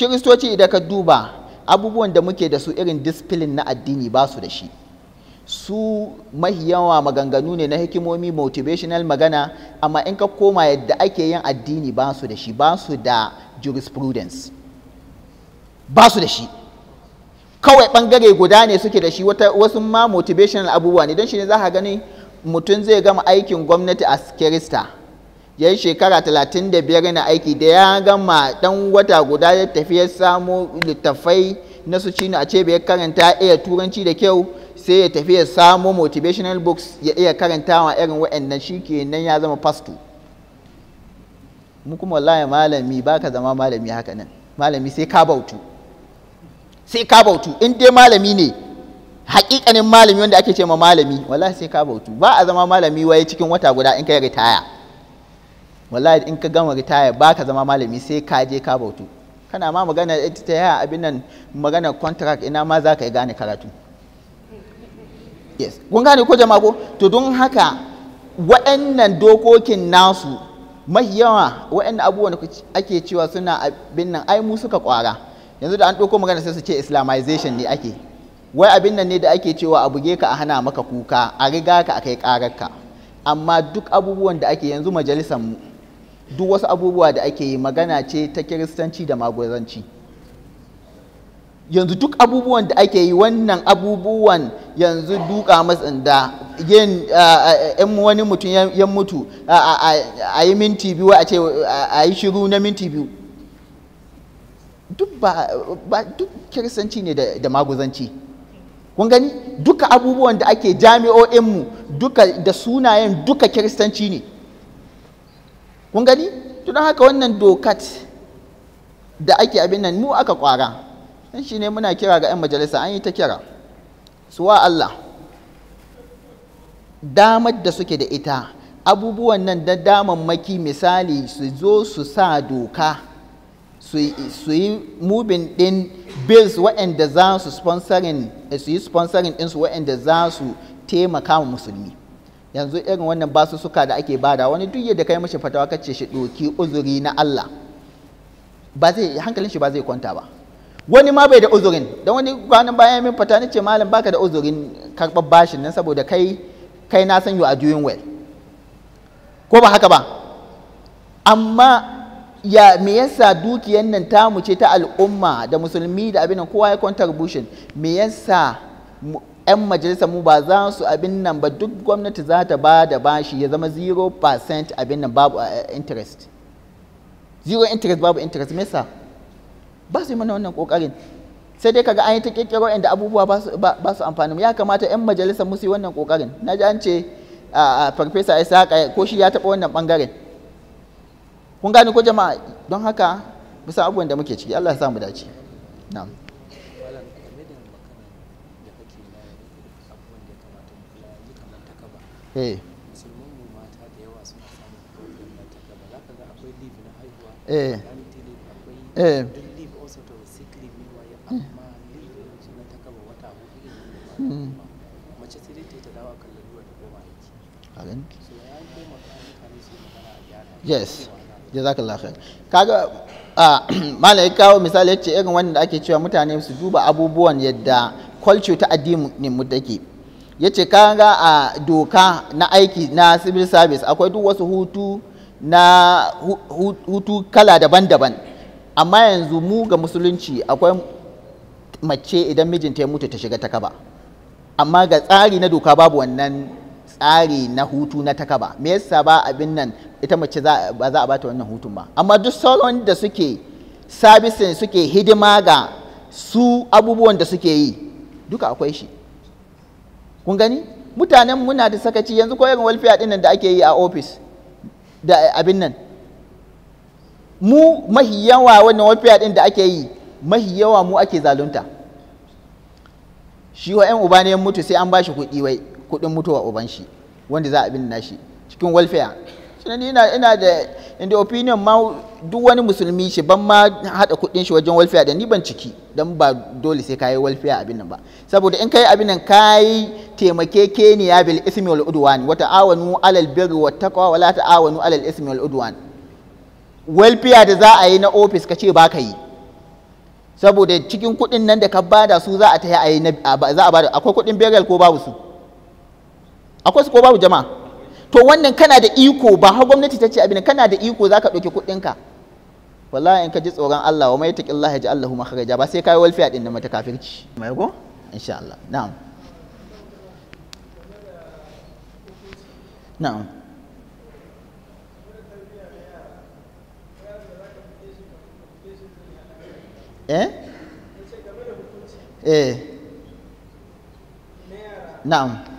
kiristoci idan ka duba abubuwan da muke da su irin discipline na addini ba su da shi su mahiyawa maganganu ne na hikimomi motivational magana amma in ka koma yadda ake yin addini ba su da shi ba su da jurisprudence ba su da shi kawai bangare guda ne suke da shi wasu ma motivational abubuwa ne don shi ne za ka gani mutum zai gama aikin gwamnati a kirista ya yi shekara 35 na aiki da ya gama dan wata guda ya tafi ya samo littafai na su cino a ce bai karanta iya turanci da kyau sai ya tafi ya samo motivational books ya iya karantawa irin waɗannan shi ke nan ya zama fasto mu kuma wallahi malami baka zama malami haka nan malami sai ka bautu sai ka bautu in dai malami ne hakikanin malami wanda ake ce ma malami wallahi sai ka bautu ba a zama malami waye cikin wata guda in kai ritaya wallahi in ka gama ritaya ba ka zama malami sai ka je ka bautu kana ma magana ita ta yaya abin nan magana contract ina ma za ka yi gane karatu yes kun gane ko jama'a ko to don haka wa'annan dokokin nasu mai yawa wa'annan abubuwan ake cewa suna abin nan ai mu suka kwara yanzu da an ɗauko magana sai su ce islamization ne ake wai abin nan ne da ake cewa a buge ka a hana maka kuka a riga ka a kai ƙararka amma duk abubuwan da ake yanzu majalisar mu duk wasu abubuwa da ake yi magana ce ta kiristanci da magozanci yanzu duk abubuwan da ake yi wannan abubuwan yanzu duka matsin da yin in wani mutum ya mutu a yi minti biyu a ce a yi shiru na minti biyu duk ba ba duk kiristanci ne da maguzanci kun gani duka abubuwan da ake jami'o'inmu duka da sunayen duka kiristanci ne kun gani tun haka wannan dokat da ake abin nan mu aka kwara dan shi ne muna kira ga 'yan majalisa an yi ta kira suwa Allah damar da suke da ita abubuwan nan da damammaki misali su zo su sa doka su yi mubin ɗin bills waɗanda za su sponsorin eh, su yi sponsorin ɗinsu waɗanda za su taimaka wa musulmi yanzu irin wannan basu suka da ake bada wani duk yadda kai mashi fatawa kace shi ɗoki uzuri na Allah ba zai hankalin shi ba zai kwanta ba wani ma bai da uzurin dan wani kwanan bayan min fata nace malam baka da uzurin karɓar bashin nan saboda kai kai na san a a doing well ko ba haka ba amma ya me yasa dukiyan nan mu ce ta al'umma da musulmi da abin nan kowa ya contribution me yasa 'yan majalisa mu ba za su abin nan ba duk gwamnati za ta ba da bashi ya zama 0% abin nan babu eh, interest zero interest babu interest me yasa ba su yi mana wannan kokarin sai dai kaga an yi ta kekkero inda abubuwa ba su amfani ya kamata 'yan majalisa mu su yi wannan kokarin na ji an ce ah, ah, farfesa isa ko shi ya taɓa wannan bangaren kun gane ko jama'a don haka bisa abubuwan da muke ciki Allah ya sa mu dace na'am eh eh eh hmm. Yes. jazakallahu khair kaga malam ya kawo misali yace irin wanda ake cewa mutane su duba abubuwan yadda culture ta addini mu take yace kaga a doka na aiki na civil service akwai duk wasu hutu na hutu kala daban-daban amma yanzu mu ga musulunci akwai mace idan mijinta ya mutu ta shiga ta kaba amma ga tsari na doka babu wannan tsari na hutu na takaba me yasa ba abin nan ita mace ba za a bata wannan hutun ba amma duk sauran da suke sabisin suke hidima ga su abubuwan da suke yi duka akwai shi kun gani mutanen muna da sakaci yanzu ko irin walfiya din da ake yi a ofis da abin nan mu mahi yawa wannan walfiya din da ake yi mahi yawa mu ake zalunta shi wa 'yan uba ne mutu sai an ba shi kuɗi wai kuɗin mutuwa uban shi wanda za a bin nashi cikin welfare sannan ina ina da in the opinion ma duk wani musulmi shi ban ma hada kuɗin shi wajen welfare da ni ban ciki dan ba dole sai kai welfare abin nan ba saboda in kai abin nan kayi ya bil ismi wal udwan wa ta'awanu alal birri wat taqwa wa la ta'awanu alal ismi wal udwan welfare da za a yi na office ka ce ba ka yi saboda cikin kuɗin nan da ka bada su za a ta yi za a bada akwai kuɗin burial ko babu su akwai su ko babu jama'a to wannan kana da iko ba har gwamnati ta ce abin kana da iko za ka ɗauki kuɗinka wallahi in ka ji tsoron Allah wa mai taƙi Allah ya ji Allahu makharaja ba sai kai walfiya din da mata kafirci mai go insha Allah na'am na'am eh eh na'am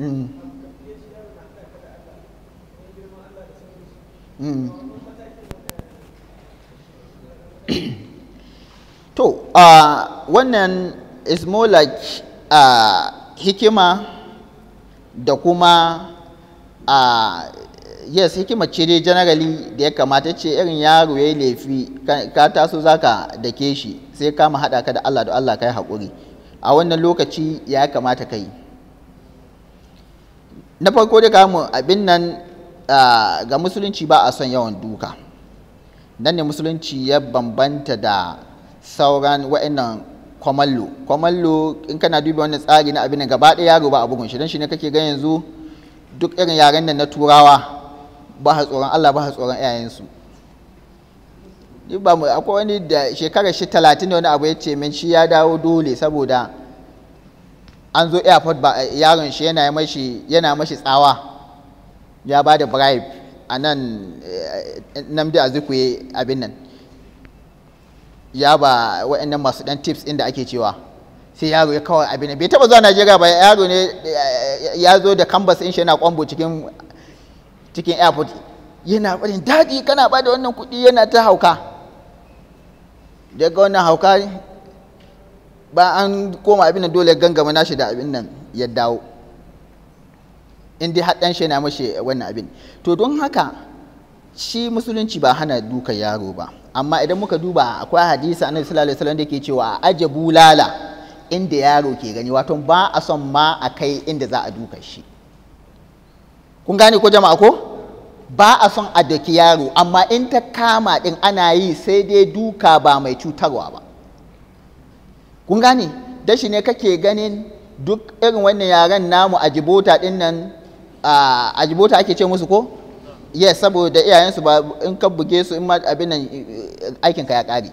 Mm. to uh, wannan is more like uh, hikima da kuma uh, yes hikima ce dai generally da ya kamata ce irin yaro ya yi laifi ka taso zaka ke shi sai kama haɗa ka da Allah da Allah ka yi haƙuri a wannan lokaci ya kamata ka yi na farko da kamun abin nan ga musulunci ba a son yawan duka nan ne musulunci ya bambanta da sauran wa'annan kwamallo kwamallo in kana duba wannan tsari na abin gaba ɗaya yaro ba a bugun shi don shi ne kake ga yanzu duk irin yaren nan na turawa ba ha tsoron Allah ba ha tsoron iyayensu ba mu akwai wani da shekarar shi talatin da wani abu ya ce min shi ya dawo dole saboda an zo airport ba eh, yaron shi yana mashi yana mashi tsawa ya ba da bribe a nan eh, eh, namdi azikwe abin nan ya ba wa'annan masu dan tips inda ake cewa sai yaro ya kawai abin nan bai taba zuwa Najeriya ba yaro ne ya zo da canvas in shi yana kwambo cikin cikin airport yana barin daɗi kana ba da wannan kuɗi yana ta hauka daga wannan hauka ba an koma abin nan dole gangama nashi da abin nan ya dawo in dai haɗan shi na mashi wannan abin to don haka shi musulunci ba hana duka yaro ba amma idan muka duba akwai hadisa annabi sallallahu alaihi wasallam da ke cewa a aje bulala inda yaro ke gani wato ba a son ma a kai inda za a duka shi kun gane ko jama'a ko ba a son a daki yaro amma in ta kama din ana yi sai dai duka ba mai cutarwa ba kun gane dashi ne kake ganin duk irin wannan yaren namu a jibota din nan a jibota ake ce musu ko yes saboda iyayensu ba in ka buge su in ma abin nan aikin ka ya kare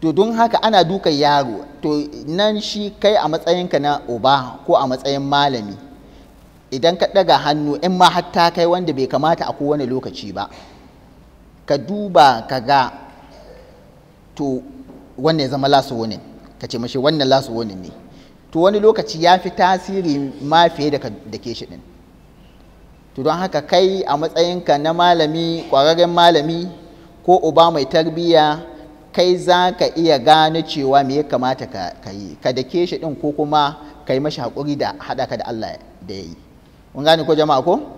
to don haka ana dukan yaro to nan shi kai a matsayin ka na uba ko a matsayin malami idan ka ɗaga hannu in ma hatta kai wanda bai kamata a kowane lokaci ba ka duba ka ga to wannan ya zama last ne ka ce mashi wannan last ne ne to wani lokaci ya fi tasiri ma fiye da ke shi din to don haka kai a matsayinka na malami ƙwararren malami ko uba mai tarbiyya kai za ka iya gane cewa me ya kamata ka yi ka da ke shi din ko kuma ka yi mashi haƙuri da haɗa ka da Allah da ya yi kun gane ko jama'a ko